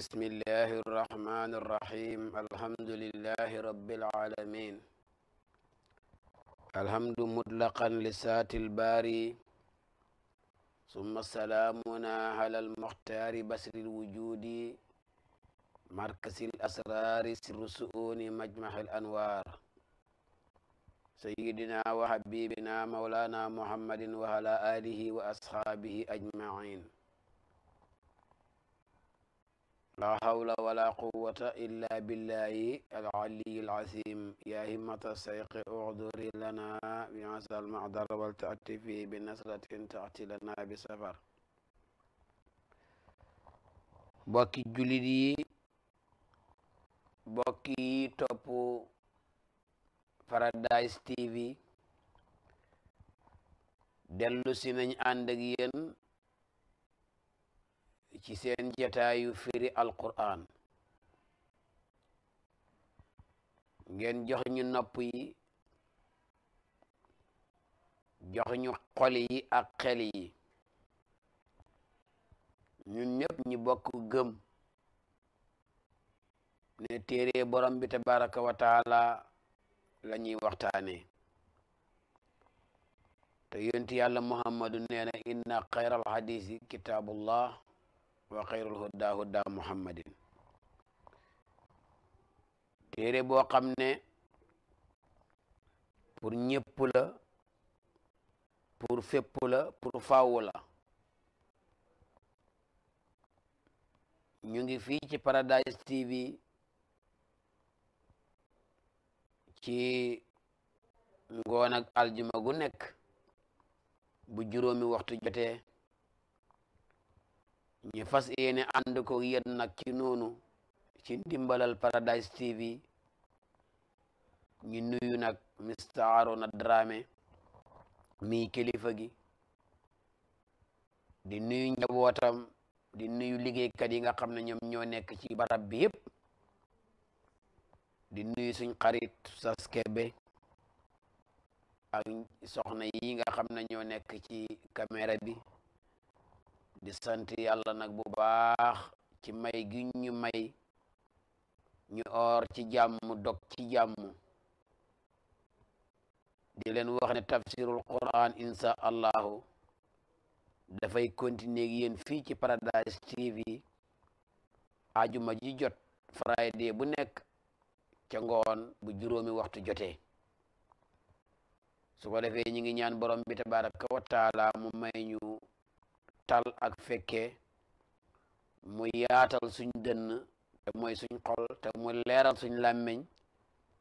بسم الله الرحمن الرحيم الحمد لله رب العالمين الحمد مطلقا لسات الباري ثم سلامنا على المختار بسر الوجود مركز الأسرار سر سؤون مجمع الأنوار سيدنا وحبيبنا مولانا محمد وعلى آله وأصحابه أجمعين la hawla wala quwwata illa billahi al-ali al-azim ya himmata sayqi uhduri lana bi asal ma'dar wal ta'ti fi bi nasratin ta'ti lana bi safar bokki julit yi bokki yi Paradise TV dellu si nañ ànd ak ci seen jataayu firi alquran ngeen jox ñu nopp yi jox ñu xol yi ak xel yi ñu ñëpp ñu bokk gëm ne téere borom bi tabaraka wa taala la ñuy waxtaane te yonti yàlla muhammadu nee na inna xayral hadisi kitaabullah wa xayrul huda huda muhammadin téere boo xam ne pour ñëpp la pour fépp la pour ñu ngi fii ci Paradise TV ci ngoon aljuma gu nekk bu juróomi waxtu jotee ñu fas yéene ànd ko yéen nag ci noonu ci ndimbalal Paradise TV ñu nuyu nag Mr Arona drame mi kilifa gi di nuyu watam di nuyu liggéeykat yi nga xam ne ñoom ñoo nekk ci barab bi yëpp di nuyu suñ xarit saskebe ak soxna yi nga xam ne ñoo nekk ci caméra bi di sant yàlla nag bu baax ci may gi ñu may ñu oor ci jàmm dog ci jàmm di leen wax ne tafsirul quran insha allahu dafay continuer ak yéen fii ci Paradise TV ajuma ji jot friday bu nekk ca ngoon bu juróomi waxtu jotee su ko ñi ngi ñaan borom bi tabaraka wa mu may ñu ak fekkee mu yaatal suñ dënn te mooy suñ xol te mu leeral suñ làmmiñ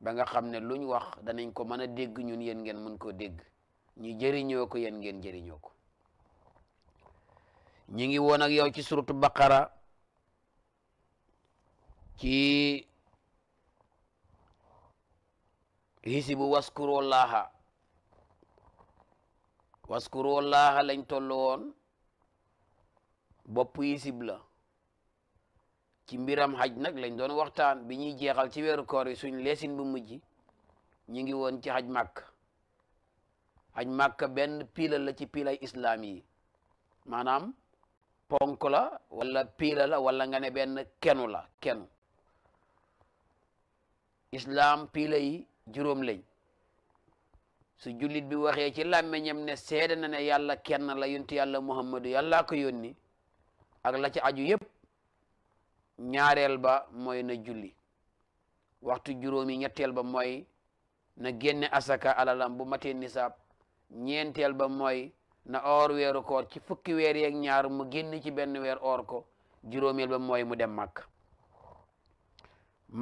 ba nga xam ne luñ wax danañ ko mën a dégg ñun yéen ngeen mën koo dégg ñu jëriñoo ko yéen ngeen jëriñoo ko ñi ngi woon ak yow ci suratu baqara ci hisi bu waskurullaha waskurullaha lañ woon bopp isi bla la ci mbiram xaj nag lañ doon waxtaan bi ñuy jeexal ci wéru koor yi suñu lesine bu mujj ñi ngi woon ci xaj màkk xaj màkk benn pila la ci piilay islam yi manam ponk la wala la wala nga ne benn kenu la kenu islam piila yi juroom lañ su julit bi waxe ci làmmeñam ne seede ne yalla kenn la yontu yalla muhammadu yalla ko yonni ak la ci aju yépp ñaareel ba mooy na julli waxtu juróomi ñetteel ba mooy na génne asaka alalam bu matee nisaab ñeenteel ba mooy na oor weeru koor ci fukki weer yeeg ñaar mu génn ci benn weer oor ko juróomeel ba mooy mu dem màkk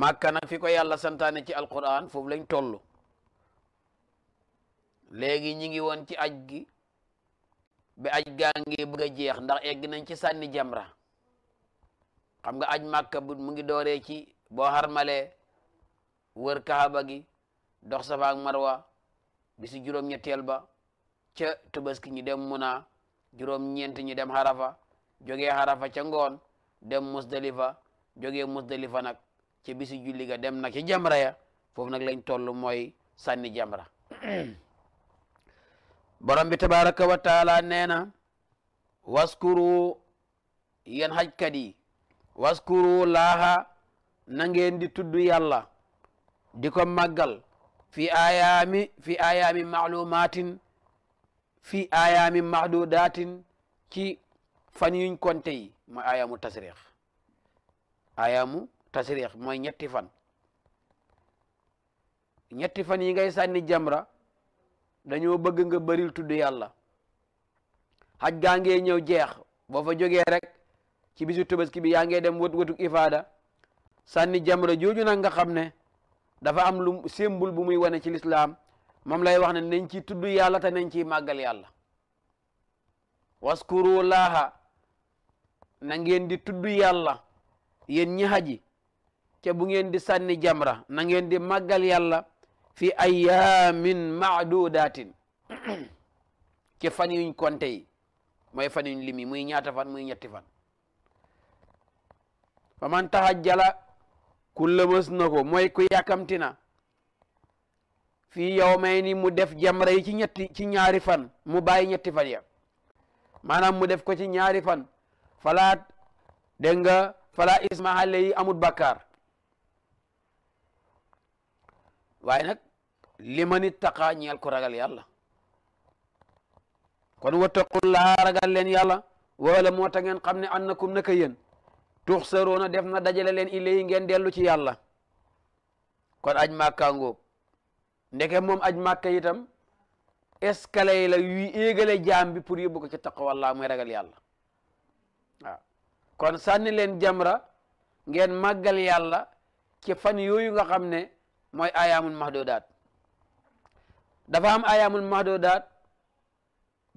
màkka nag fi ko yàlla santaane ci alquran foofu lañ toll léegi ñi ngi ci aj gi bi aj gaa ngi bëgg a jeex ndax egg nañ ci sànni jamra xam nga aj màkka bu mu ngi dooree ci boo xarmalee wër kaaba gi dox safa ak marwa bi si juróom-ñetteel ba ca tabaski ñi dem muna juróom-ñeent ñi dem xarafa jógee xarafa ca ngoon dem musdalifa jógee musdalifa nag ca bisi julli ga dem nag ci jamra ya foofu nag lañ toll mooy sànni jamra borom bi tabaraka wa taala nee na waskuru yéen hajkat yi waskuru laaha na ngeen di tudd yàlla di ko màggal fi ayaami fi ayaami maalumatin fi ayaami mahdudatin ci fan yuñ konte yi mooy ayaamu tasrix ayaamu tasrix mooy ñetti fan ñetti fan yi ngay sànni jamra dañoo bëgg nga bëril tuddu yalla haj ga nge ñew jeex bo fa jógee rek ci bisu tabaski bi ya nge dem wut wutuk ifada sanni jamra joju na nga xamne dafa am lu sembul bu muy wone ci l'islam moom lay wax ne nañ ci tuddu yalla ta nañ ci magal yalla waskuru laha na ngeen di tuddu yalla yen ñi haji ca bu ngeen di sanni jamra na ngeen di magal yalla fi ayamin maadudatin ci fan yuñ konte yi mooy fan yuñ limi muy ñaata fan muy ñetti fan fa man tahajjala ku lëmës na ko mooy ku yàkkamti na fii yow may ni mu def jamra yi ci ñetti ci ñaari fan mu bàyyi ñetti fan ya maanaam mu def ko ci ñaari fan falaat dégg nga falaa ismaale yi amut bakkaar waaye liman ittaqa al ko ragal yalla kon wattaqullaa ragal len yalla wala mo ta ngeen xam ne annakum naka yéen tuxsaroona def na dajale len ilay ngeen delu ci yalla kon aj ngo ndeke moom aj màkka itam escalier la yu egalé jambi bi pour yóbbu ko ci taqwallaa moy ragal yalla kon sanni len jamra ngeen magal yalla ci fan yoyu nga xamne moy ayamun mahdudat dafa am ayaamul mahdudaat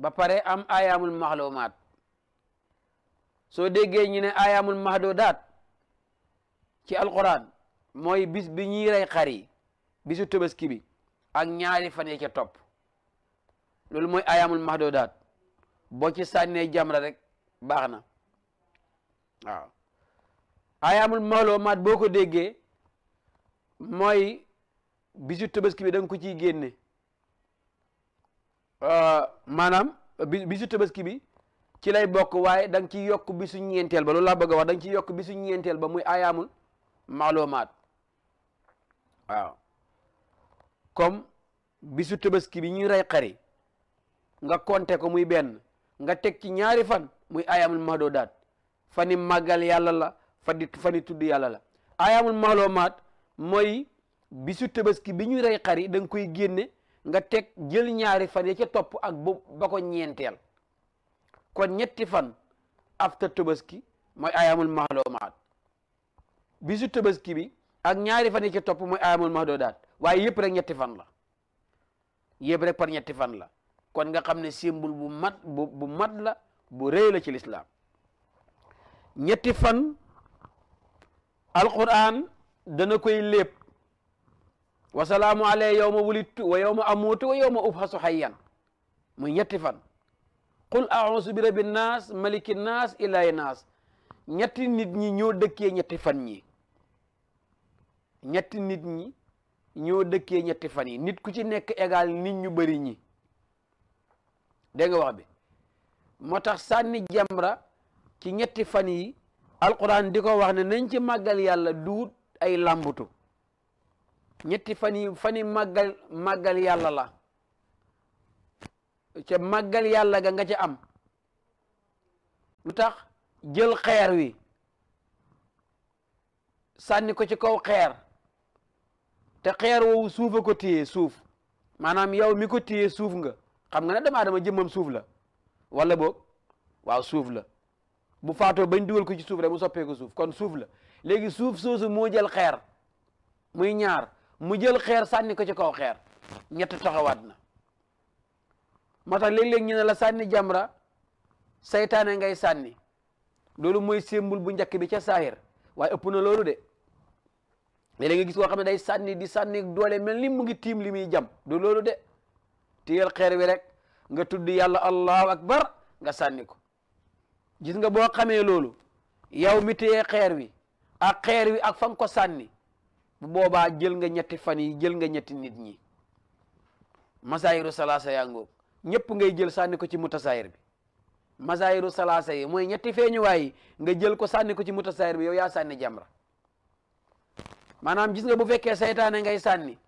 ba pare am ayaamul mahlumaat soo déggee ñu ne ayaamul mahdudaat ci alquran mooy bis bi ñuy rey xar yi bisu tëbaski bi ak ñaari fan yi ca topp loolu mooy ayaamul mahdudaat boo ci sànnee jamra rek baax na waaw ayaamul mahlumaat boo ko déggee mooy bisu tëbaski bi da nga ko ciy génne Euh, maanaam bi bisu tabaski bi ci lay bokk waaye da nga ciy yokk bisu ñeenteel ba loolu laa bëgg a wax da yokk bisu ñeenteel ba muy ayaamul maalumaat waaw comme bisu tabaski bi ñuy rey xari nga konte ko muy benn nga teg ki ñaari fan muy ayaamul mahdodaat fani màggal yàlla la fani fani tudd yàlla la ayaamul maalumaat mooy bisu tabaski bi ñuy rey xari da nga koy génne nga teg jël ñaari fan ya ca topp ak bu ba ko ñeenteel kon ñetti fan after tabaski mooy ayamul mahlumaat bisu tabaski bi ak ñaari fan ya ca topp mooy ayamul mahdudaat waaye yëpp rek ñetti fan la yëpp rek par ñetti fan la kon nga xam ne symbole bu mat bu mat la bu rëy la ci lislaam ñetti fan alquran dana koy lépp wa salaamu alayya yawma wulidtu wa yawma amuutu wa yawma ubhasu hayyan muy ñetti fan qul a'uuzu bi rabbi naas maliki ñetti nit ñi ñoo dëkkee ñetti fan ñi ñetti nit ñi ñoo dëkkee ñetti fan yi nit ku ci nekk égal nit ñu bari ñi dégg nga bi moo tax sànni jamra ci ñetti fan yi alquran di ko wax ne nañ ci màggal yàlla duut ay làmbutu ñetti fan yi fan yi màggal màggal yàlla la ca màggal yàlla ga nga ca am lu tax jël xeer wi sànni ko ci kaw xeer te xeer woowu suufa ko téye suuf maanaam yow mi ko téye suuf nga xam nga ne dama dama suuf la wala bo waaw suuf la bu faatoo bañ dugal ko ci suuf rek mu soppeeku suuf kon suuf la léegi suuf soosu moo jël xeer muy ñaar mu jël xeer sànni ko ci kaw xeer ñett taxawaat na moo tax léeg-léeg la sànni jamra saytaane ngay sànni loolu mooy sembul bu njëkk bi ca saahir waaye ëpp na loolu de léeg-léeg nga gis koo xam ne day sànni di sànni doole mel ni mu ngi tiim li jam du loolu de téyal xeer wi rek nga tudd yàlla allahu akbar nga sànni ko gis nga boo xamee loolu yow mi téye wi ak xeer wi ak fa ko sànni bu boobaa jël nga ñetti fan yi jël nga ñetti nit ñi masaayiru salaasa yaa ngoog ñëpp ngay jël sànni ko ci mutasaayir bi masa masaayiru salaasa yi mooy ñetti feeñuwaay yi nga jël ko sànni ko ci mutasaayir bi yow yaa sànni jamra maanaam gis nga bu fekkee saytaane ngay sànni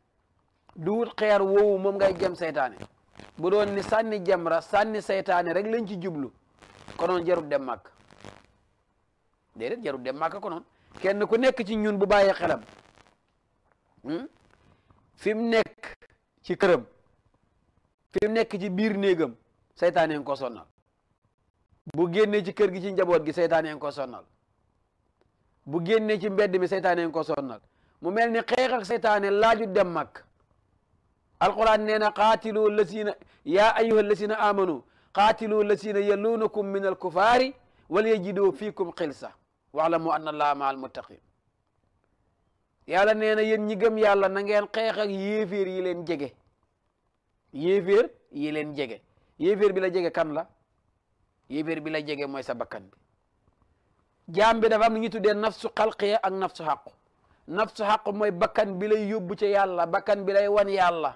du wut xeer woowu moom ngay jëm saytaane bu doon ni sànni jamra sànni saytaane rek lañ ci jublu konoon jarut dem màkk déedéet jarut dem màkk konoon kenn ku nekk ci ñun bu bàyyee xelam Hmm? fi mu nekk ci këram fi nekk ci biir néegam seytaane nga ko sonnal bu génnee ci kër gi ci njaboot gi seytaane nga ko sonnal bu génnee ci mbedd mi seytaane nga mu mel ni xeex ak seytaane laaju dem mag alquran nee na qaatilu lasina yaa ayuha lasina amanu qaatilu lasina yaluunakum min alkufaari wal yajidu fiikum xilsa waalamu anna allaha ma almuttaqin yalla neena yeen ñi gëm yalla na ngeen xex ak yéfer yi leen jégé yéfer yi leen jégé yéfer bi la jégé kan la yéfer bi la jégé moy sa bakkan bi bi dafa am ñi nafsu khalqi ak nafsu haqq nafsu haqq moy bakkan bi lay yobbu ci yalla bakkan bi lay wan yalla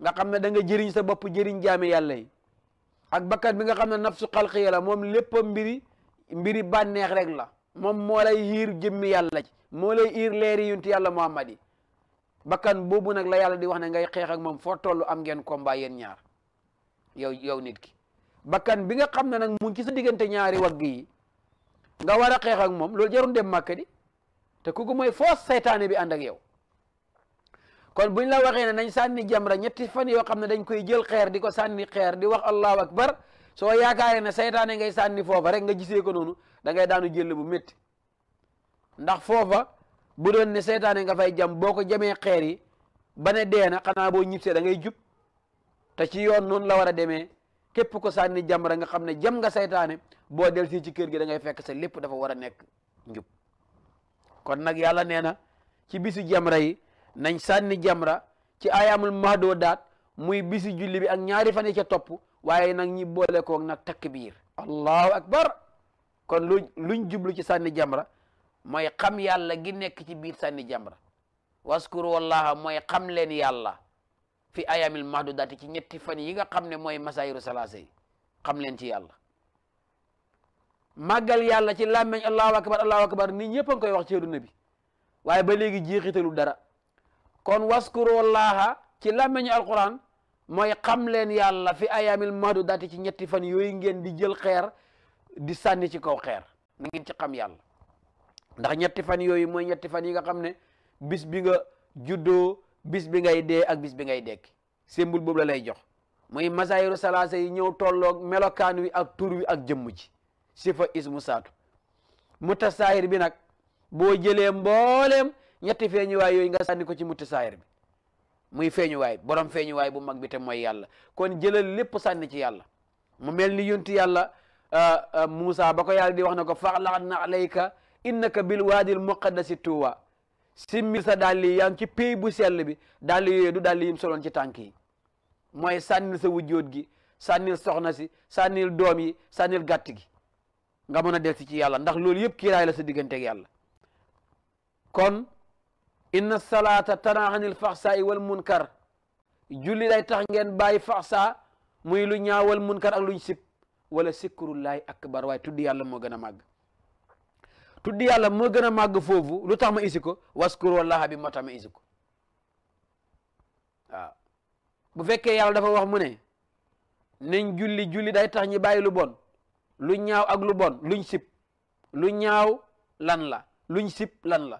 nga xamne da nga jëriñ sa bop jëriñ jaami yalla ak bakkan bi nga xamne nafsu khalqi la mom lépp mbiri mbiri banex rek la Mom mo lay xiir jëmm yalla ci moo lay leri leeri yunti yalla muhammadi yi bakkan boobu nag la yalla di wax ne ngay xex ak mom fo tollu am ngeen combat yéen ñaar yow yow nit ki bakkan bi nga xamne nak mu ci sa digeunte ñaari wag gi nga wara xex ak mom lol jarun dem makka di te kooku moy fo setan bi ànd ak yow kon buñ la waxe ne nañ sanni jamra ñetti fan yo xamne dañ koy jël xeer diko sanni xeer di wax allahu akbar so yaakaare ne setan ngay sanni fofu rek nga gisee ko nonu da ngay daanu jël bu metti ndax foofa bu doon ne seytaane nga fay jam boo ko jamee xeer yi ba ne dee na xanaa boo ñibsee da ngay jub te ci yoon noonu la war a demee képp ko sànni jam nga xam ne jam nga seytaane boo del si ci kër gi da ngay fekk sa lépp dafa war a nekk njub kon nag yàlla nee na ci bisu jamra yi nañ sànni jamra ci ayaamul mahdoo daat muy bisu julli bi ak ñaari fan yi ca topp waaye nag ñi boole koog nag takk biir allahu akbar kon lu luñ jublu ci sànni jamra moy xam yalla gi nek ci biir sanni jamra waskuru wallaha moy xam len yalla fi ayamil mahdudati ci ñetti fan yi nga xam ne moy masaayiru salaase xam len ci yalla magal yalla ci lamagne allahu akbar allahu akbar ni ñepp a ngi koy wax ci àdduna nabi waye ba léegi jeexitalu dara kon waskuru wallaha ci lamagne alquran moy xam len yalla fi ayamil mahdudati ci ñetti fan yoy ngeen di jël xeer di sanni ci kaw xeer ngeen ci xam yalla ndax ñetti fan yooyu mooy ñetti fan yi nga xam ne bis bi nga juddoo bis bi ngay dee ak bis bi ngay dekk sembul boobu la lay jox mooy masaayiru salaasa yi ñëw tolloog melokaan wi ak tur wi ak jëmm ci sifa ismu saatu mutasahir bi nag boo jëlee mbooleem ñetti feeñuwaay yooyu nga sànni ko ci mutasahir bi muy feeñuwaay borom feeñuwaay bu mag bi te mooy yàlla kon jëlal lépp sànni ci yàlla mu mel ni yunti yàlla ah, ah, Moussa ba ko yàlla di wax na ko faxlax na alayka innaka bil waadil muqaddasi tuwa simmil sa daal li yaa bu sell bi daal li yooyu du daal li yim soloon ci tànk yi mooy sànnil sa wujjoot gi sànnil soxna si sànnil doom yi sànnil gàtt gi nga mën a delsi ci yàlla ndax loolu yëpp kira la sa digganteeg yàlla kon inna salaata tanaa anil faxsaa'i wal munkar julli day tax ngeen bàyyi faxsaa muy lu ñaawal munkar ak luñ sib wala sikrullahi ak waaye tudd yàlla moo gën a màgg tuddi yalla mo gëna mag fofu lu tax ma isiko ko waskuru wallaha bi moo tax ma isi ko bu fekke yalla dafa wax mu ne nañ julli julli day tax ñi bayyi lu bon lu ñaaw ak lu bon luñ sip lu ñaaw lan la luñ sip lan la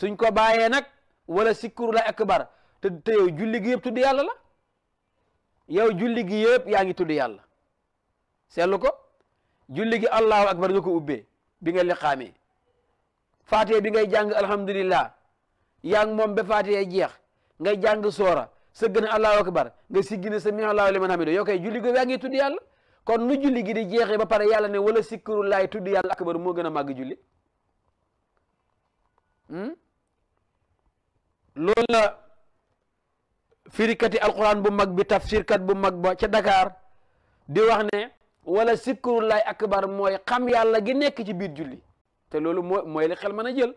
suñ ko bayé nak wala sikkuru la akbar te te yow julli gi yëpp tuddi yalla la yow julli gi yëpp yaangi tuddi yalla yàlla ko julli gi allahu akbar ñuko bi nga kami fatih bi ngay jang alhamdulillah yang mom be ba jeex ngay jang soora se gëna allahu akbar nga sigina se sami allahu liman hamido yow kay julli go yaa tuddi yalla kon nu julli gi di ba paré yalla ne wala akbar mo gëna mag julli hmm? loolu la firikati alquran bu mag bi kat bu mag ba ci Dakar di wax ne wala sikkurullahi akbar mooy xam yàlla gi nekk ci biir julli te loolu mooy mooy li xel mën a jël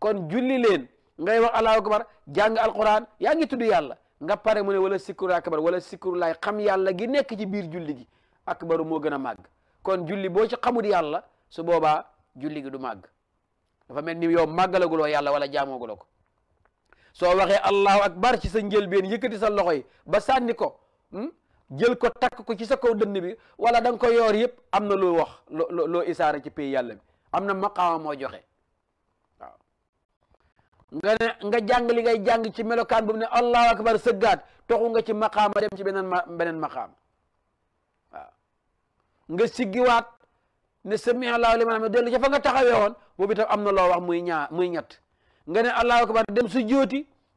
kon julli leen ngay wax allahu akbar jàng alquran yaa ngi tudd yàlla nga pare mu ne wala sikkurullahi akbar wala sikkurullahi xam yàlla gi nekk ci biir julli gi akbaru moo gën a màgg kon julli boo ci xamul yàlla su boobaa julli gi du màgg dafa mel ni yow màggalaguloo yàlla wala jaamooguloo ko soo waxee allahu akbar ci sa njëlbeen yëkkati sa loxo yi ba sànni ko hmm? jël ko tak ko ci sa ko dënd bi wala dang lo ko yor yépp amna lo wax lo lo isaara ci pay yalla bi amna maqama mo moo joxe nga nga jang li ngay jang ci melokan bu ne allahu akbar seggat toxu nga ci maqama dem ci benen benen maqam nga siggi wat ne sami allahu liman hamid delu ci fa nga taxawé won bu bi tam amna lo wax muy ñaar muy ñett nga ne allahu akbar dem su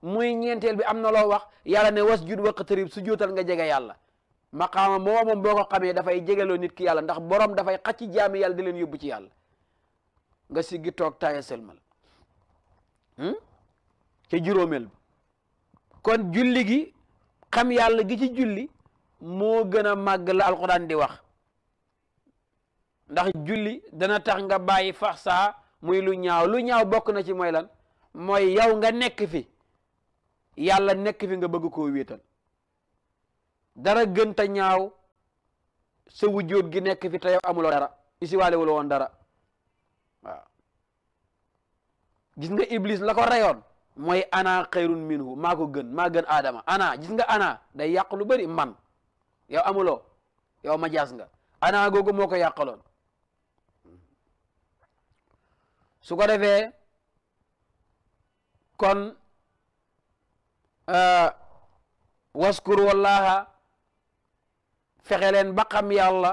muy ñentel bi amna lo wax yalla ne wasjud waqtarib su nga jégué yalla maqaama moomu boo ko xamee dafay jegeloo nit ki yàlla ndax borom dafay xacc jaami yàlla di leen yóbbu ci yàlla nga siggi toog taaya selmal hmm? ca juróomeel ba kon julli gi xam yàlla gi ci julli moo gën a màgg la alquran di wax ndax julli dana tax nga bàyyi fax muy lu ñaaw lu ñaaw bokk na ci mooy lan mooy yow nga nekk fi yàlla nekk fi nga bëgg koo wéetal dara gënta ñaaw sa wujjóot gi nekk fi te yow dara isi wale wul woon dara waaw gis nga iblis la ko reyoon mooy ana kairun minhu maa ko gën maa gën aadama ana gis nga ana day yàq lu bëri man yow amuloo yow ma jaas nga ana googu moo ko yàqaloon su ko defee kon euh, waskuru wallaha fexe leen ba xam yàlla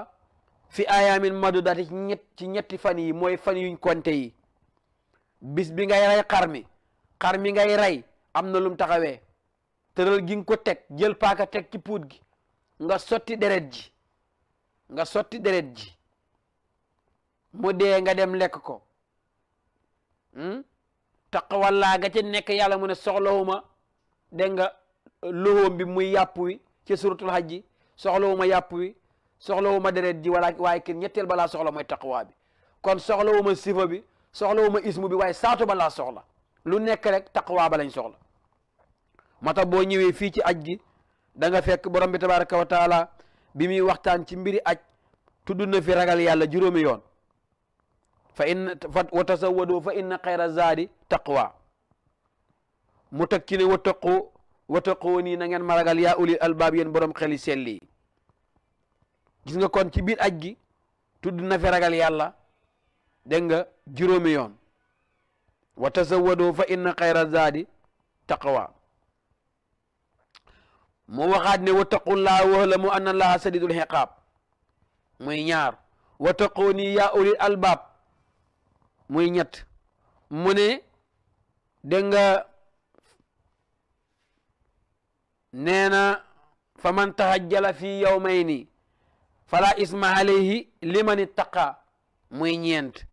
fi ayaamin madudati ci ci ñetti fan yi mooy fan yuñ konte yi bis bi ngay rey xar mi xar mi ngay rey am na lum taxawee tëral gi nga ko teg jël paaka teg ci puut gi nga sotti deret ji nga sotti deret ji mu dee nga dem lekk ko hmm? taxawallaa nga ca nekk yàlla mu ne soxlawuma dégg nga loxoom bi muy yàpp wi ci suratul hajji soxlawu ma yàpp wi soxlawu ma deret ji wala waaye kenn ñetteel balaa soxla mooy taqwa bi kon soxlawu ma sifa bi soxlawu ma ismu bi waaye saatu balaa soxla lu nekk rek taqwa ba lañ soxla moo tax boo ñëwee fii ci aj gi da fekk borom bi tabaraka wa bi muy waxtaan ci mbiri aj tudd na fi ragal yàlla juróomi yoon fa in fa wa tasawwadu fa inna xayra zaadi taqwa mu teg ci ne wattaquuni na ngeen ma ragal yaa ulil albaab yéen borom xeli selli gis nga kon ci biir aj gi tudd na ragal yàlla dégg nga juróomi yoon wa tasawadoo fa inna xayra zaadi taqwa mu waxaat ne wattaqullaaha wa'lamu anna allaaha sadiidul iqaab muy ñaar wattaquuni yaa ulil albaab muy ñett mu ne dégg nee na fa man tahajjala fii yawmayni fala isma alayhi liman ittaqa muy ñeent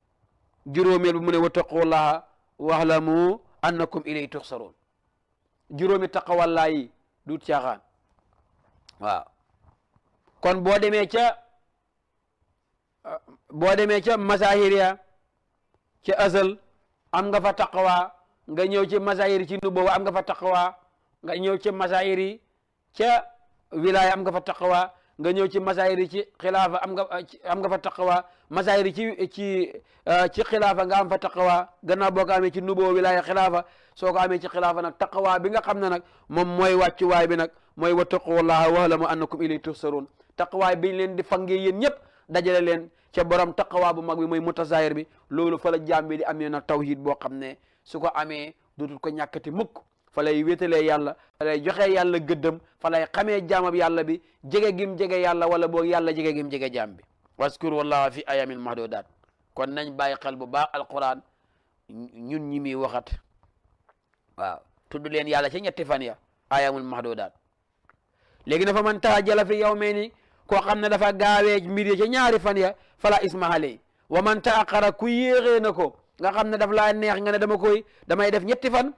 juróomeel bu mu ne wa taqullaha wahlamu annakum ilay tuxsaroon juróomi taqawallaayi du caaxaan waaw kon boo demee ca boo demee ca masahir ya ca asal am nga fa taqawaa nga ñëw ci masahir ci nubuwa am nga fa taqawaa nga ñëw ci masaayir yi ca wilaya am nga fa taqwa nga ñëw ci masaayir yi ci xilaafa am nga am nga fa taqwa masaayir yi ci ci euh, ci xilaafa nga am fa taqwa gannaaw boo ko amee ci nuboo wilaya xilaafa soo ko amee ci xilaafa nag taqwa bi nga xam ne nag moom mooy wàccuwaay bi nag mooy wa taqullaha wa alamu annakum ilayhi tuhsarun taqwaay biñ leen di fangee yéen ñëpp dajale leen ca borom taqawaa bu mag bi mooy mutazahir bi loolu fa la jaam bi di amee nag tawhid boo xam ne su ko amee dootul ko ñàkkati mukk fa lay wéetalee yàlla fa lay joxee yàlla gëddam fa lay xamee jaamab yàlla bi jege gim jege yàlla wala boog yàlla jege gim jege jaam bi waskur wallaha fi ayamin mahdudat kon nañ bàyyi xel bu baax alquran ñun ñi muy waxat waaw tudd leen yàlla ci ñetti fan ya ayamul mahdudat léegi dafa man taajala fi yawmayni koo xam ne dafa gaawee mbir ya ci ñaari fan ya fala ismahale wa man taaqara ku yéexee na ko nga xam ne daf laa neex nga ne dama koy damay def ñetti fan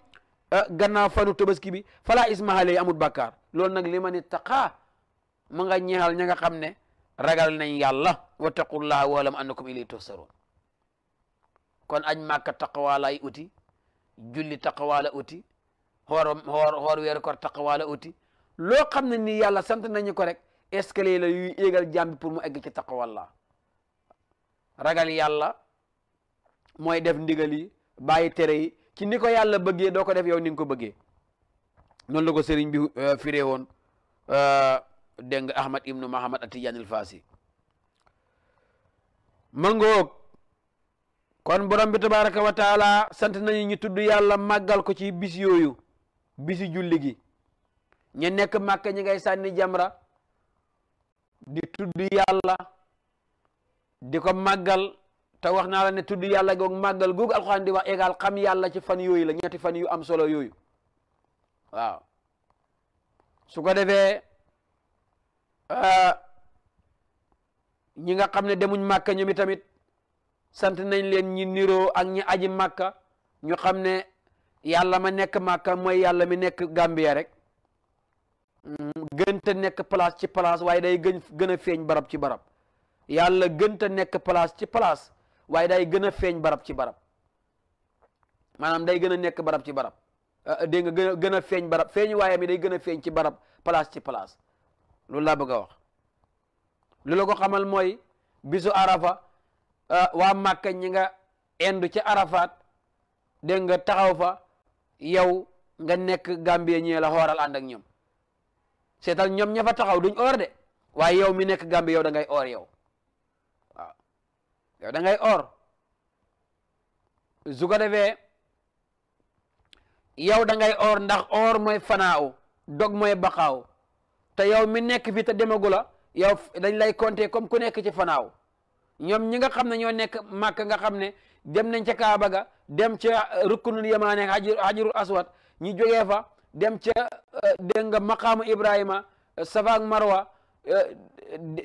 Eh, gannaaw fanu tabaski bi falaa isma alayhi amul bakkaar loolu nag li ma ni taqaa ma nga ñeexal ña nga xam ne ragal nañ yàlla wattaqullaha walam annakum ilayhi tuhsarun kon aj màkka taqawaalaay uti julli taqawaala uti xoor xoor xoor weeru koor taqawaala uti loo xam ne nii yàlla sant nañu ko rek escalier la yu éegal jàmbi pour mu egg ci taqawalla ragal yàlla mooy def ndigal yi tere ci niko yalla beugé do ko def yow ni nga ko bëggee la ko serigne bi firé won euh, euh ahmad ibnu mahamad atiyan al fasi mango kon borom bi tabaraka wa taala sant nañu ñu tuddu yalla magal ko ci bis yoyu bisi julli gi ñe nek makka ñi ngay sanni jamra di tuddu yalla di ko magal te wax naa la ne tudd yàlla gog màggal googu alxuraan di wax égal xam yàlla ci fan yooyu la ñetti fan yu am solo yooyu waaw su ko defee ah, ñi nga xam ne demuñ màkka ñoom tamit sant nañ leen ñi niroo ak ñi aji màkka ñu xam ne yàlla ma nekk màkka mooy yàlla mi nekk Gambia rek mm, gënta nekk place ci place waaye day gën gën a feeñ barab ci barab yàlla gënta nekk place ci place waye day gëna feñ feeñ barab ci barab manam day gëna nek nekk barab ci barab ah, ah, de nga gëna feñ gën a feeñ barab feeñ waaye mi day gëna feñ ci barab place ci place lu la bëgg wax lu la ko xamal moy bisu arafa ah, wa makka ñi nga endu ci arafat de nga taxaw fa yow nga nek gambie ñi la xoral and ak ñom sétal ñom ñafa taxaw duñ or de waye yow mi nek gambie yow da ngay or yow yow da ngay or su ko defee yow da ngay or ndax or mooy fanaaw dog mooy baqaaw te yow mi nekk fi te demagu la yow dañ lay compter comme ku nekk ci fanaaw ñoom ñi nga xam ne ñoo nekk màkk nga xam ne dem nañ ca Kaaba ga dem ca uh, rukkunul yamaane hajarul aswad ñi jógee fa dem ca uh, dégg nga maqaamu Ibrahima uh, Safa Marwa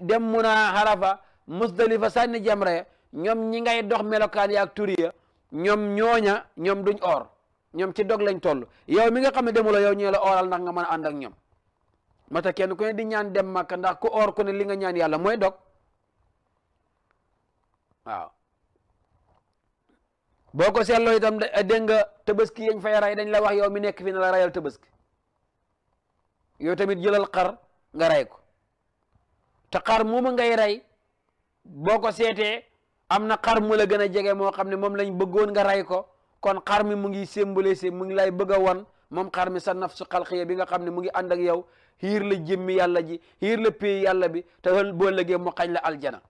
dem muna Harafa Musdalifa sànni jamra ñom ñi ngay dox melokan ya turiya ñom ñoña ñom duñ or ñom ci dog lañ toll yow mi nga xam yow oral nak nga mëna mata ak ñom mata kenn ku ne di ñaan dem màkka ndax ku or ku ne li nga ñaan yalla moy dog waaw boko sello itam de nga tebeski yeñ fay ray dañ la wax yow mi nekk fi na la rayal tebeski yow tamit jëlal xar nga ray ko ta xar ngay ray boko sété am na xar mu la gën a jege moo xam ne moom lañ bëggoon nga rey ko kon xar mi mu ngi symbolisé mu ngi lay bëgg wan won moom xar mi sa nafsu xalqiya bi nga xam ne mu ngi ànd ak yow xiir la jëmmi yàlla ji xiir la pay yàlla bi te boo lëgee mu xañ la aljana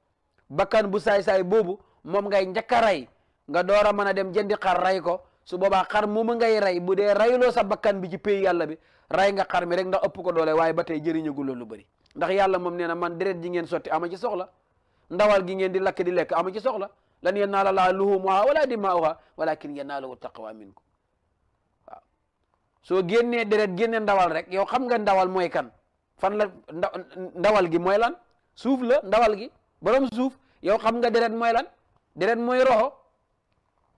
bakkan bu saay-saay boobu moom ngay njëkk a rey nga door a mën a dem jëndi xar rey ko su boobaa xar mu mu ngay rey bu dee reyloo sa bakkan bi ci pay yàlla bi rey nga xar mi rek ndax ëpp ko doole waaye ba tey jëriñaguloo lu bëri ndax yàlla moom nee na man deret ji ngeen sotti ama ci soxla ndawal gi ngeen di lakk di lek amu ci soxla lan la laa luhumuha wala dimaa'uha walakin yenaalahu taqwa minkum So genné deret genné ndawal rek yow xam nga ndawal moy kan fan la ndawal gi moy lan suuf la ndawal gi borom suuf yow xam nga deret moy lan deret moy roho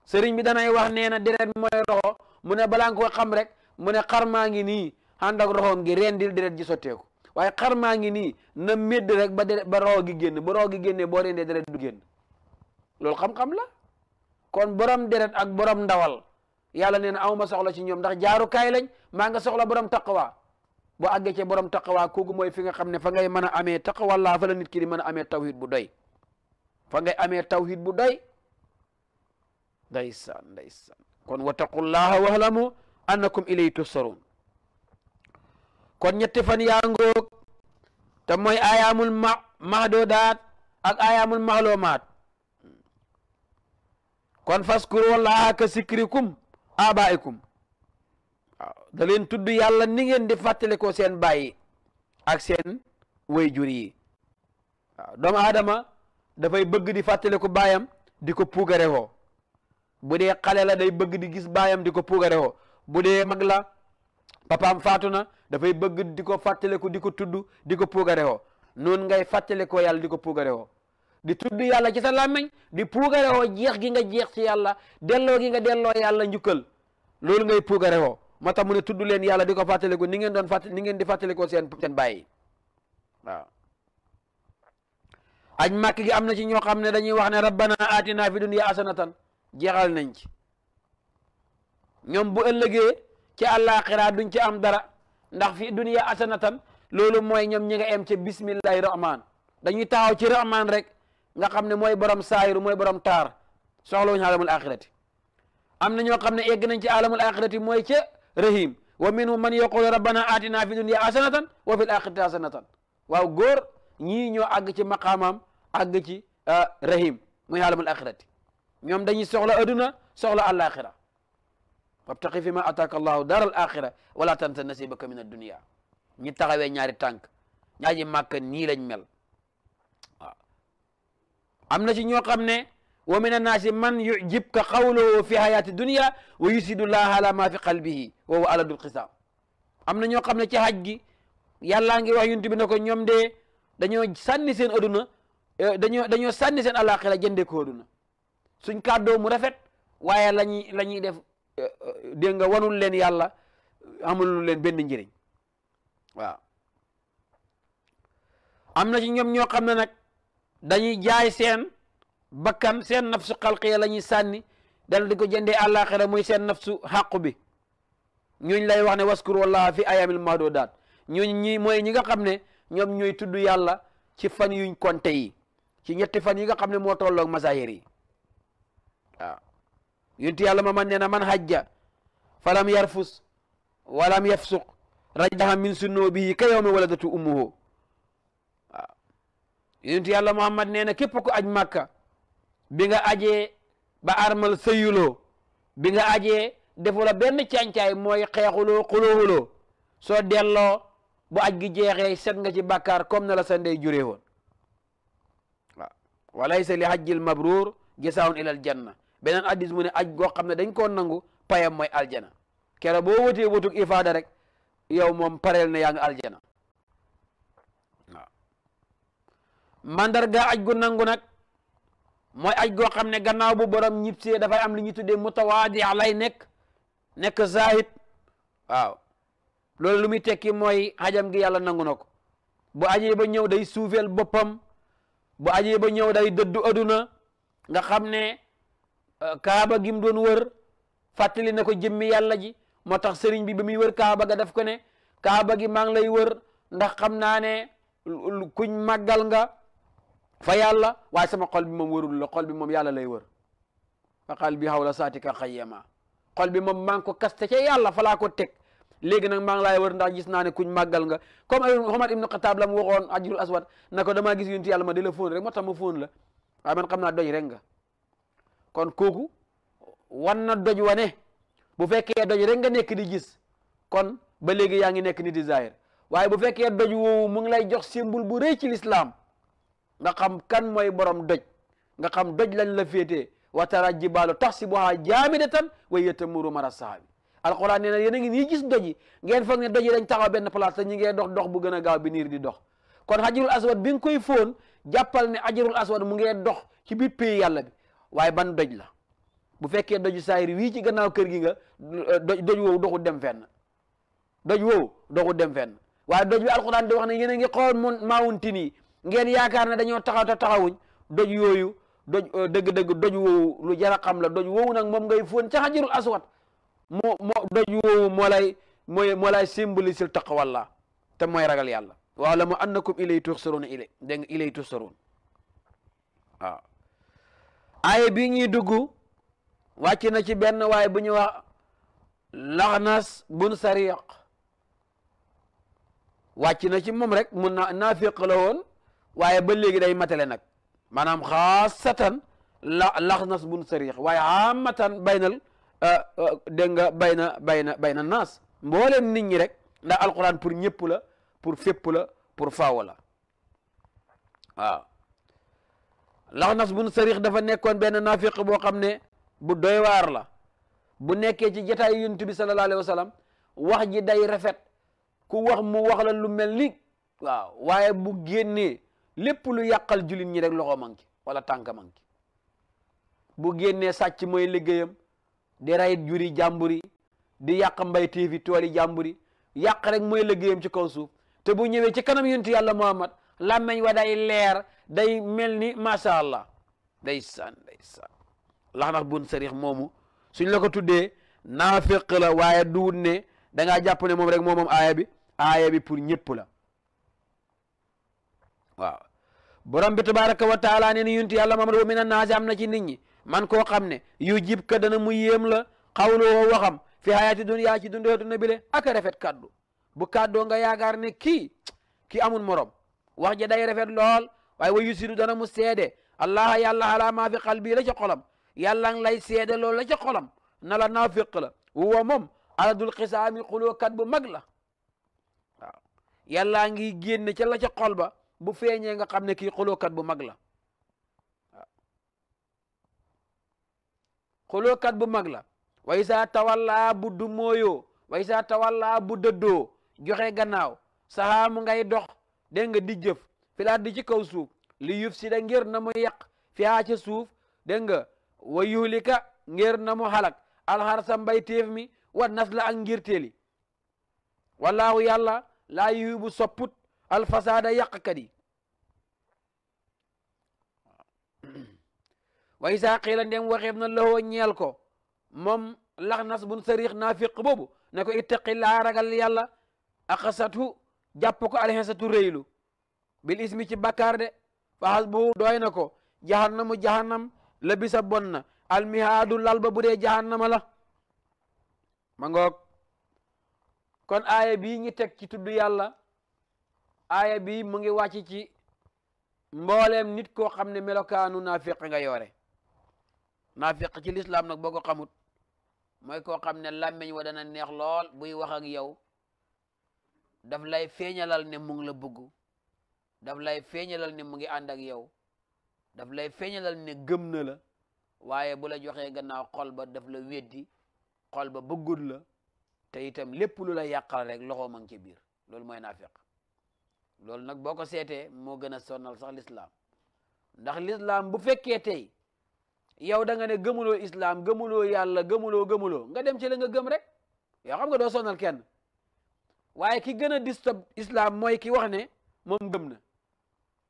serigne bi danay wax neena na deret moy roho mune balang ko xam rek mune xarma ngi ni handak gi rendil deret ji sotteeku waye xar ma ngi ni na médd rek ba ba roo gi ba gi du genn lol xam-xam la kon borom deret ak borom ndawal yalla néna na soxla ci ñom ndax kay lañ ma nga soxla borom taqwa Bu aggé ci borom taqwa kooku moy fi nga xamné fa ngay mëna amé taqwa la fa la nit ki di mëna amé tawhid bu doy fa ngay amé tawhid bu doy ndaysan ndaysan kon wa annakum ilay kon ñetti fan yaa ngoog te mooy ayaamul ma mahdodaat ak ayaamul mahlomaat kon faskuru wallaaha ka sikrikum abaikum waaw da leen tudd yàlla ni ngeen di fàttali ko seen bàyyi ak seen way jur yi waaw doomu aadama dafay bëgg di fàttali ko baayam di ko puugare woo bu dee xale la day bëgg di gis baayam di ko puugare woo bu dee mag la papaam faatu na dafay bëgg di ko fàttaliku di ko tudd di ko puugarewoo noonu ngay fàttalikoo yàlla di ko puugarewoo di tudd yàlla ci sa làmmiñ di puugarewoo jeex gi nga jeex ci yàlla delloo gi nga delloo yàlla njukkal loolu ngay puugarewoo moo tax mu ne tudd leen yàlla di ko fàttaliku ni ngeen doon fàttali ni ngeen di fàttalikoo seen seen bàyyi aj màkk gi am na ci ñoo xam ne dañuy wax ne rabbana atina fi dunya hasanatan jeexal nañ ci ñoom bu ëllëgee ci Allah duñ ci am dara ndax fi dunya asanatan lolu moy ñom ñi nga em ci bismillahir rahman dañuy taxaw ci rahman rek nga xamne moy borom saayiru moy borom soxlo soxlawuñu alamul akhirati amna ñoo ne egg nañ ci alamul akhirati moy ci rahim wa minhu man yaqulu rabbana atina fi dunya asanatan wa fil akhirati asanatan waaw góor ñi ñoo ag ci maqamam ag ci ah, rahim moy alamul akhirati ñom dañuy soxla aduna soxla alakhirah wabtaqi fi ma ataaka allahu daar al axira wala tansa nasibaka min addunia ñi taxawee ñaari tànk ñaaji màkk nii lañ mel waaw am na ci ñoo xam ne wa min annaasi man yujibka qawluhu fi hayati dunia wa yusidu laaha ala ma fi qalbihi wa aladul xisaam am na ñoo xam ne ci haj gi yàllaa ngi wax yuntu bi ne ko ñoom de dañoo sànni seen aduna eh, dañoo dañoo sanni seen alaxira jëndee ko aduna suñ kàddoo mu rafet waaye lañuy la ñuy def dégg nga wanul leen yàlla amul leen benn njëriñ waaw am na ci ñoom ñoo xam ne nag dañuy jaay seen bakkan seen nafsu xalqiya la ñuy sànni dal di ko jëndee àllaaxira muy seen nafsu xàqu bi ñooñ lay wax ne waskur wallaha fi ayamil madudaat ñooñ ñi mooy ñi nga xam ne ñoom ñooy tudd yàlla ci fan yuñ konte yi ci ñetti fan yi nga xam ne moo tolloog masaayir yi yunti yalla ma man man hajja falam yarfus walam yafsuq rajaha min sunnoobihi ka yawm waladatu ummuhu ah. yunti yalla muhammad neena na ko aj makka bi nga ajee ba armal seyulo, bi nga ajee defula ben cianciay moy mooy xeexuloo so dello bu aj gi jeexee set nga ci bakar comme na la sa ndey juree ah. walaysa li hajjil mabruur ila ilal janna beneen addis mu ne aj goo xam ne dañ koo nangu payam mooy aljana kere boo wotee wotug ifaada rek yow moom pareel ne yaa ngi aljana waaw mandarga aj gu nangu nag mooy aj goo xam ne gannaaw bu borom ñibsee dafay am li ñu tuddee mutawaadi lay nekk nekk zahid waaw loolu lu muy tekki mooy xajam gi yàlla nangu na ko bu ajee ba ñëw day suufeel boppam bu ajee ba ñëw day dëddu aduna nga xam ne Euh, kaaba gi doon wër fàttali na ko jëmmi yàlla ji moo tax sëriñ bi ba muy wër kaaba ga def ko ne kaaba gi maa ngi lay wër ndax xam naa ne kuñ màggal nga fa yàlla waaye sama xol bi moom wërul la xol bi moom yàlla lay wër fa xal bi xawla saatika xayyama xol bi moom maa ngi ko kaste ca yàlla fa laa ko teg léegi nag maa ngi laay wër ndax gis naa ne kuñ màggal nga comme ay Omar ibnu Xataab la mu waxoon ajrul aswad dama ko damaa gis yunti ma di la rek moo ma fóon la waaye xam naa doy rek nga kon kooku wan na doj wane bu fekkee doj rek nga nekk di gis kon ba léegi yaa ngi nekk ni di zahir waaye bu fekkee doj woowu mu ngi lay jox symbole bu rëy ci lislaam nga xam kan mooy borom doj nga xam doj lañ la féetee wa tara jibaalu tahsibuhaa jaamidatan wa hiya tamurru marra sahaabi alquran nee na yéen a ngi nii gis doj yi ngeen foog ne doj yi dañ taxaw benn place te ñi ngee dox dox bu gën a gaaw bi niir di dox kon hajarul aswad bi nga koy fóon jàppal ne hajarul aswad mu ngee dox ci biir pays yàlla bi waaye ban doj la bu fekkee doju saayir wii ci gannaaw kër gi nga doj doj woowu doxul dem fenn doj woowu doxul dem fenn waaye doj bi alxuraan di wax ne yéen a ngi xool mun maawunti nii ngeen yaakaar ne dañoo taxaw te taxawuñ doj yooyu doj euh, dëgg lu jar a xam la doj woowu nag moom ngay fóon ca xajarul aswad moo mo doj woowu moo lay mooy moo lay symboliser taqwallah te mooy ragal yàlla waaw la mu annakum ilay tuxsaruun ilay dégg nga ilay tuxsaruun waaw aaya bi ñuy dugg wàcc na ci benn waay bu ñu wax laxnas bun sariq wàcc na ci moom rek mun na naafiq la woon waaye ba léegi day matale nag maanaam xaasatan la laxnas bun sariq waaye amatan baynal euh, euh, dégg nga bayna bayna bayna naas mbooleem nit ñi rek ndax alquran pour ñëpp la pour fépp la pour faaw la waaw laxnas bun sarix dafa nekkoon benn nafiq boo xam ne bu doy waar la bu nekkee ci jataay yunt bi sallallahu alayhi wa sallam wax ji day rafet ku wax mu wax la lu mel ni waaw waaye bu génnee lépp lu yàqal jullit ñi rek loxo manki wala tànk manki bu génnee sàcc mooy liggéeyam di rayit juri jàmbur yi di yàq mbay téefi tooli jàmbur yi yàq rek mooy liggéeyam ci kaw suuf te bu ñëwee ci kanam yonent yàlla Muhammad làmmeñ wa day leer day melni ni macha allah day san day saan bun sarix momu suñ lako tuddé nafiq la waaye du ne da nga japp ne mom rek momam aya bi aya bi pour ñepp la waaw borom bi wa taala ne ni yunti yalla mamad wa mina naasi ci nit ñi man ko xamne yu jib ka dana mu yem la wo waxam fi hayati duniyaa ci dundee duna bile ak rafet kaddu bu kaddo nga yaagar ne ki ki amul morom wax ja day rafet lool waaye wa yusiru dana mu seede allaha yàlla ala fi qalbi la ca xolam yàlla ngi lay seede lool la ca xolam na la naafiq la huwa moom aladul xisaami bu mag la waaw ngi génn ca la ca xol ba bu feeñee nga xam ne kii xulookat bu mag la waaw bu mag la wa isaa tawallaa bu du mooyoo wa isaa tawallaa bu dëddoo joxe gannaaw saxaamu ngay dox dégg nga di jëf filaat ci kaw suuf li yuf si da ngir na mu yàq fiaa ca suuf dégg nga wa yuhlika ngir na mu xalak alxarsa mbay téef mi wa nas la ak ngir téeli wallaahu yàlla laa yuhibu sopput alfasaada yàqkat yi wa isaa qiila ndem waxeef na lowoo ñeel ko moom lax nas bun sariix naafiq boobu ne ko ittaqillaa ragal yàlla aqasathu japp ko alxensatu réylu bil ismi ci bakar de fa hasbuhu doy ko jahannamu jahannam la bisa bon na almihaadu lal ba jahannama la mangok kon aya bi ngi tek ci tuddu yalla aya bii mu ngi wacc ci mbollem nit ko xamne ne nafiq nga yore nafiq ci l'islam nak boko xamut moy ko xamne ne wa dana neex lol buy wax ak yow daf lay feeñalal ne mu la bëgg daf lay feeñalal ne mu ngi ànd ak yow daf lay feeñalal ne gëm na la waaye bu la joxee gannaaw xol ba daf la weddi xol ba bëggul la te itam lépp lu la yàqal rek loxo ma ngi ci biir loolu mooy naafeq loolu nag boo ko seetee moo gën a sonnal sax lislaam ndax lislaam bu fekkee tey yow danga ne gëmuloo islaam gëmuloo yàlla gëmuloo gëmuloo nga dem ci la nga gëm rek yow xam nga doo sonnal kenn waaye ki gën a disturb islam mooy ki wax ne moom gëm na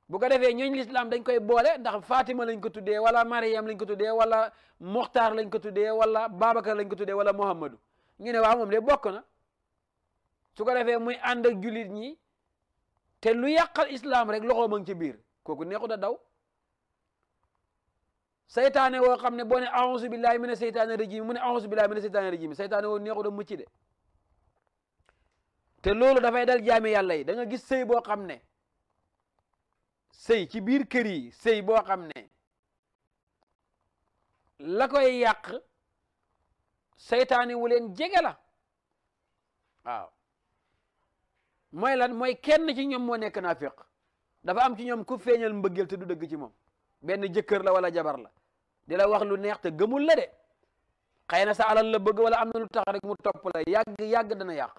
bu ko defee ñooñ lislaam dañ koy boole ndax Fatima lañ ko tuddee wala Mariam lañ ko tuddee wala Moxtaar lañ ko tuddee wala Babacar lañ ko tuddee wala Muhammadu ñu ne waaw moom de bokk na su ko defee muy ànd ak jullit ñi te lu yàqal islam rek loxoom a ngi ci biir kooku neexut a daw saytaane woo xam ne boo ne auzu billahi mina seytaani rajim mu ne auzu billahi mina seytaani de te loolu dafay dal jaami yàlla yi da gis sëy boo xam ne sëy ci biir kër yi sëy boo xam ne la koy yàq seytaane wu leen jege la waaw mooy lan mooy kenn ci ñoom moo nekk naafiq dafa am ci ñoom ku feeñal mbëggeel te du dëgg ci moom benn jëkkër la wala jabar la di la wax lu neex te gëmul la de xëy na sa la bëgg wala am na lu tax rek mu topp la yàgg yàgg dana yàq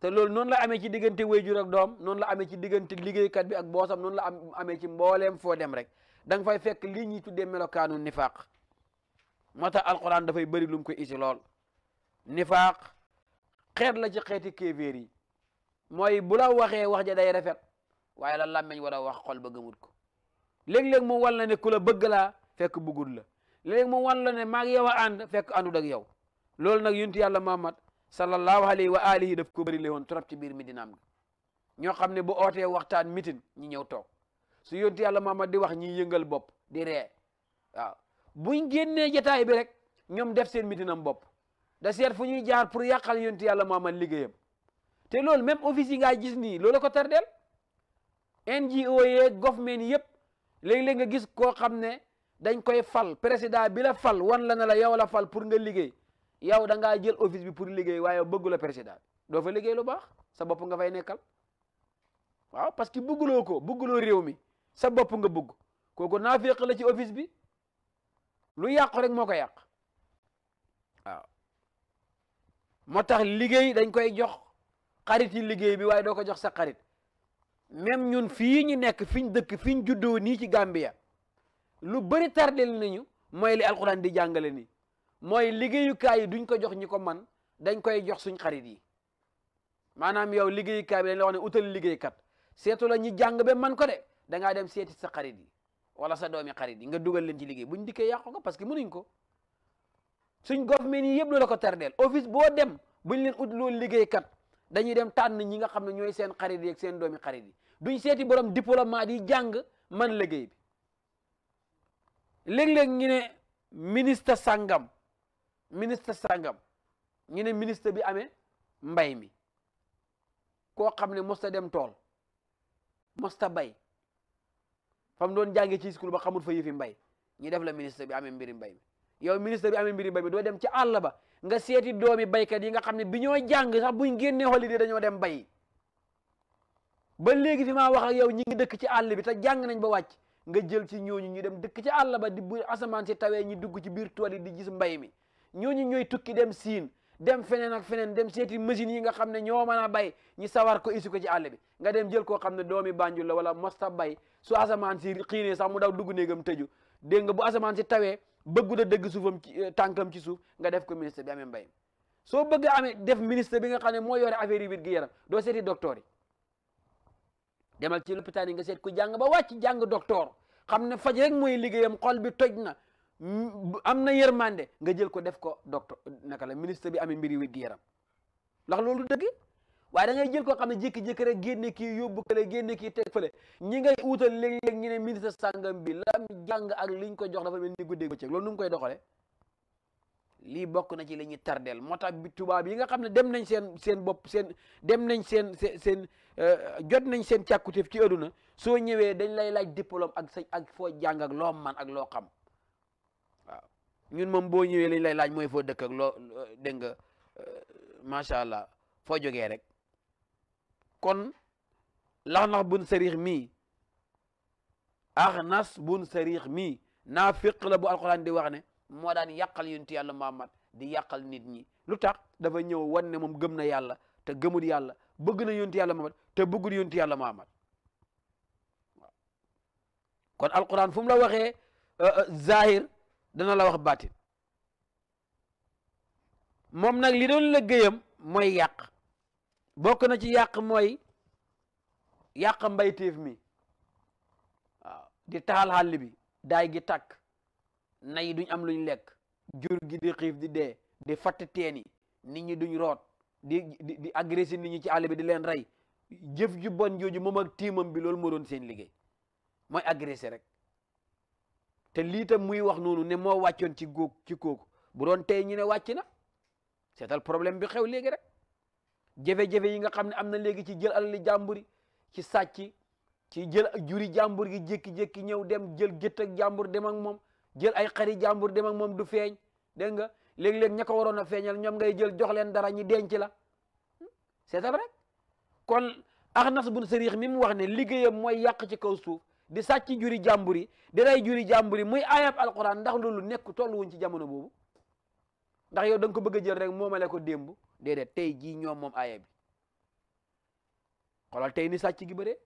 te loolu noonu la amee ci diggante wéyjur ak doom noonu la amee ci diggante liggéeykat bi ak boosam noonu la am amee ci mbooleem foo dem rek da nga fay fekk lii ñuy tuddee melokaanu nifaaq moo tax alquran dafay bëri lu mu ko isi lool nifaaq xeet la ci xeeti kéeféer yi mooy bu la waxee wax ja day rafet waaye la làmmeñ war a wax xol ba gëmut ko léeg-léeg mu wan la ne ku la bëgg laa fekk bëggul la léeg-léeg mu wan la ne maa ngi yow a ànd fekk àndut ak yow loolu nag yunti sallallahu alayhi wa alihi daf ko bari lewon torop ci bir midinaam ga ñoo xam bu oté waxtaan mitin ñi ñew tok su yonti yalla maama di wax ñi yëngal bop di ré wa buñu génné jotaay bi rek ñom def seen mitinam bop da seet fu ñuy jaar pour yàqal yonti yalla maama ligéyam té lool même office yi nga gis ni loolu ko tardeel NGO yeeg government yépp léeg-léeg nga gis ko xamne dañ koy fal président bi la fal wan la na la yow la fal pour nga ligéy ya da ngaa jël office bi pour liggéey waaye bëggu la président doo fa liggéey lu baax sa bopp nga fay nekkal waaw parce que bëgguloo ko bëgguloo réew mi sa bopp nga bëgg kooku naafeq la ci office bi lu yàqu rek moo ko yàq waaw moo ligai liggéey dañ koy jox xarit yi liggéey bi waaye do ko jox sa xarit même ñun fi ñu nekk fi dëkk fi juddoo ni ci Gambia lu bari tardel nañu moy li alquran di jàngale mooy liggéeyukaay yi duñ ko jox ñi ko man dañ koy jox suñ xarit yi maanaam yow liggéeyukaay bi dañ la wax ne utal liggéeykat seetu la ñi jàng ba man ko de da ngaa dem seeti sa xarit yi wala sa doomi xarit yi nga dugal leen ci liggéey bu dikkee yàqu ko parce que mënuñ ko suñ government yi yëpp la ko terdeel office boo dem bu buñ leen ut loolu liggéeykat dañuy dem tànn ñi nga xam ne ñooy seen xarit yi seen doomi xarit yi duñ seeti borom diplôme yi jàng man liggéey bi léeg-léeg ñu ne ministre sàngam ministre sàngam ñu ne ministre bi amee mbay mi koo xam ne mosta dem tool mosta bay fa doon jàngee ci school ba xamul fa fi mbay ñu def la ministre bi amee mbiri mbay mi yow ministre bi amee mbiri mbay mi doo dem ci àll ba nga seeti doomi baykat yi nga xam ne bi ñoo jàng sax buñ génnee holiday dañoo dem bay ba léegi fi maa wax ak yow ñi ngi dëkk ci àll bi te jàng nañ ba wàcc nga jël ci ñooñu ñu dem dëkk ci àll ba di bu asamaan si tawee ñi dugg ci biir tool yi di gis mbay mi ñoñu ñoy tukki dem sin, dem fenen ak fenen dem seti machine yi nga xamne ne mëna bay ñi sawar ko isu ko ci nga dem jël ko xamne ne doomi Banjul la wala mosta bay su asaman si xine sax mu daw dug neegam teju dégg nga bu asaman si tawé bëggu da dëgg suufam ci eh, tankam ci suuf nga def ko ministre bi amé mbay so bëgg amé def ministre bi nga xamne mo yoré doa affaire yi bit gi yaram do seti docteur yi demal ci l'hôpital nga set ku jang ba wacc jang docteur xamne faj rek moy xol bi tojna am na yërmande nga jël ko def ko docteur naka la ministre bi amee mbiri wérgi yaram ndax loolu dëgg waaye da ngay jël koo xam ne jékki-jékki rek génne kii yóbbu kële génne kii teg fële ñi nga wuutal léeg-léeg ñu ne ministre sàngam bi lam jàng ak liñ ko jox dafa mel ni guddeeg bëccëg loolu nu ngi koy doxale lii bokk na ci li ñuy tardeel moo tax bi tubaab yi nga xam ne dem nañ seen seen bopp seen dem nañ seen seen seen euh, jot nañ seen càkkutéef ci àdduna soo ñëwee dañ lay laaj diplôme ak sa ak foo jàng ak loo man ak loo xam ñun moom boo ñëwee lañ lay laaj mooy foo dëkk ak loo dégg nga euh, macha allah foo jógee rek kon laxnax bun sarix mii axnas bun sarix mii naafiq la bu alquran di wax ne moo daan yàqal ti yàlla Muhammad di yàqal nit ñi lu tax dafa ñëw wan ne moom gëm na yàlla te gëmul yàlla bëgg na yunti yàlla Muhammad te bëggul yunti yàlla Muhammad kon alquran fu la waxee euh, euh, zahir dana la wax baatin moom nag li doon liggéeyam mooy yàq bokk na ci yàq mooy yàq mbayteef mi waaw di taxal xàll bi daay gi tàkk nay duñ am luñ lekk jur gi di xiif di dee di fatt teen yi nit ñi duñ root di di di agressé nit ci àll bi di leen rey jëf ju bon jooju moom ak tiimam bi loolu moo doon seen liggéey mooy agressé rek te lii tam muy wax noonu ne moo wàccoon ci góog ci kooku bu doon tee ñu ne wàcc na seetal problème bi xew léegi rek jafe-jafe yi nga xam ne am na léegi ci jël alali jàmbur yi ci sàcc ci jël juri jàmbur gi jékki-jékki ñëw dem jël gétt ak jàmbur dem ak moom jël ay xari jàmbur dem moom du feeñ dégg nga léeg-léeg ña ko waroon a feeñal ñoom ngay jël jox leen dara ñi denc la seetal rek kon Axnas bun Sariix mi mu wax ne liggéeyam mooy yàq ci kaw suuf di sàcc juri jàmbur yi di rey juri jàmbur yi muy ayab alquran ndax loolu nekk tolluwuñ ci jamono boobu ndax yow da nga ko bëgg a jël rek moomale ko démb déedéet tey jii ñoom moom aaya bi xoolal tey ni sàcc gi bëree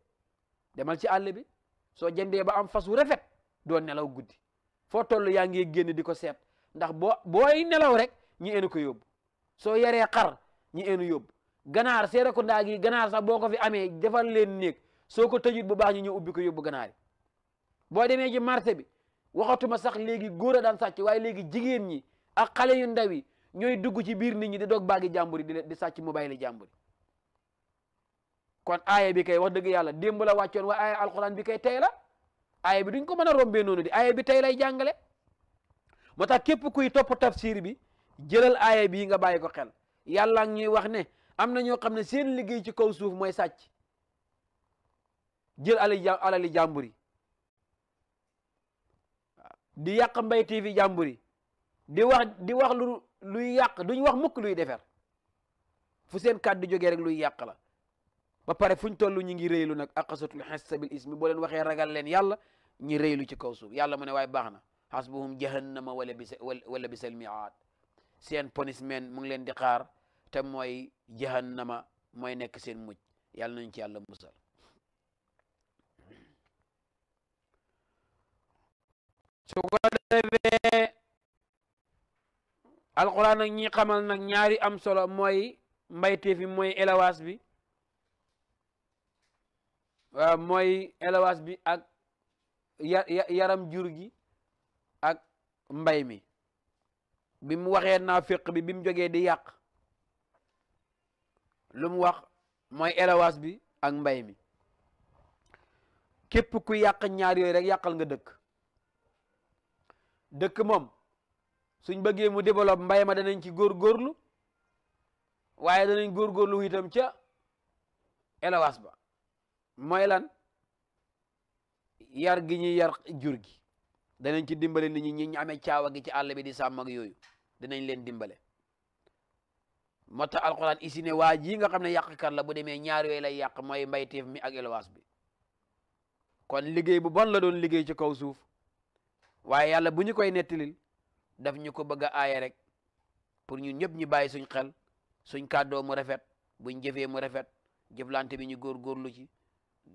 demal ci àll bi soo jëndee ba am fas wu rafet doo nelaw guddi foo toll yaa ngi génn di ko seet ndax boo booy nelaw rek ñi enu ko yóbbu soo yaree xar ñi enu yóbbu ganaar seere ko ndaa gi ganaar sax boo ko fi amee defal leen néeg soo ko tëjut bu baax ñu ñëw ubbi ko yóbbu ganaar yi boo demee ji marché bi waxatuma sax léegi góor a daan sàcc waaye léegi jigéen ñi ak xale yu ndaw yi ñooy dugg ci biir nit ñi di doog baagi jàmbur yi di di sàcc mobile yi jàmbur yi kon aaya bi kay wax dëgg yàlla démb la wàccoon waaye aaya alquran bi kay tey la aaya bi duñ ko mën a rombee noonu di aaya bi tey lay jàngale moo tax képp kuy topp tafsir bi jëlal aaya bii nga bàyyi ko xel yàlla ñuy wax ne am na ñoo xam ne seen liggéey ci kaw suuf mooy sàcc jël alali alali jàmbur yi di yàq mbay TV jàmbur yi di wax di wax lu luy yàq duñ wax mukk luy defar fu seen kàddu jógee rek luy yàq la ba pare fuñ toll ñu ngi réylu nag aqasatul xassa bil ismi boo leen waxee ragal leen yàlla ñi réylu ci kaw suuf yàlla mu ne waaye baax na xasbuhum jahannama wala bisa wala bisal miaad seen punishment mu ngi leen di xaar te mooy jahannama mooy nekk seen mujj yàlla nañ ci yàlla musal su ko defee alquran nag ñi xamal nag ñaari am solo mooy mbayteef bi mooy élevage bi waaw mooy élevage bi ak yaram jur gi ak mbay mi bi mu waxee naafiq bi bi mu jógee di yàq lu wax mooy élevage bi ak mbay mi képp ku yàq ñaar yooyu rek yàqal nga dëkk moom suñ bëggee mu développe mbay ma danañ ci góorgóorlu waaye danañ góorgóorlu itam ca élevage ba mooy lan yar gi ñuy yar jur gi danañ ci dimbale ni ñi ñi amee caawa gi ci àll bi di sàmm ak yooyu danañ leen dimbale moo tax alquran isi ne waa jii nga xam ne yàqkat la bu demee ñaar yooyu lay yàq mooy mbayteef mi ak élevage bi kon liggéey bu bon la doon liggéey ci kaw suuf waaye yàlla bu ñu koy nettalil daf ñu ko bëgg a aaye rek pour ñun ñëpp ñu bàyyi suñ xel suñ kàddoo mu rafet buñ jëfee mu rafet jëflante bi ñu góorgóorlu ci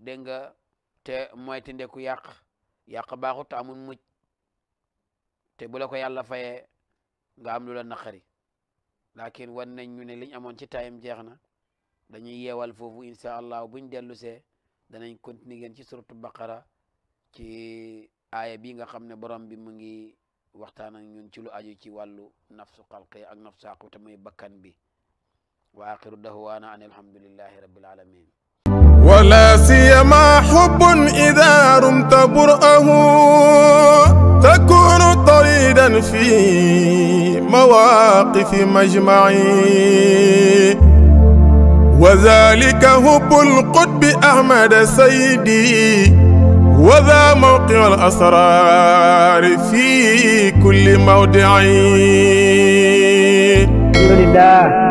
dégg nga te mooy ku ndeku yàq yàq ta amul mucc te bu la ko yàlla fayee nga am lu la naqari laakin wan nañ ñu ne liñ amoon ci tayam jeex na dañuy yeewal foofu incha allah buñ dellu see danañ continuer ngeen ci suratu baqara ci aaya bi nga xam ne borom bi mu ngi waxtaan ak ñun ci lu aju ci wàllu nafsu xalqi ak nafsu àqu te muy bakkan bi wa axiru dahwaana an alhamdulillahi rabbil alamin wala siyama xubbun ida rumta burahu takunu taridan fi mawaqifi majmaci wa zalika hubbu lqutbi ahmada saydi وذا موقع الأسرار في كل موضع الحمد لله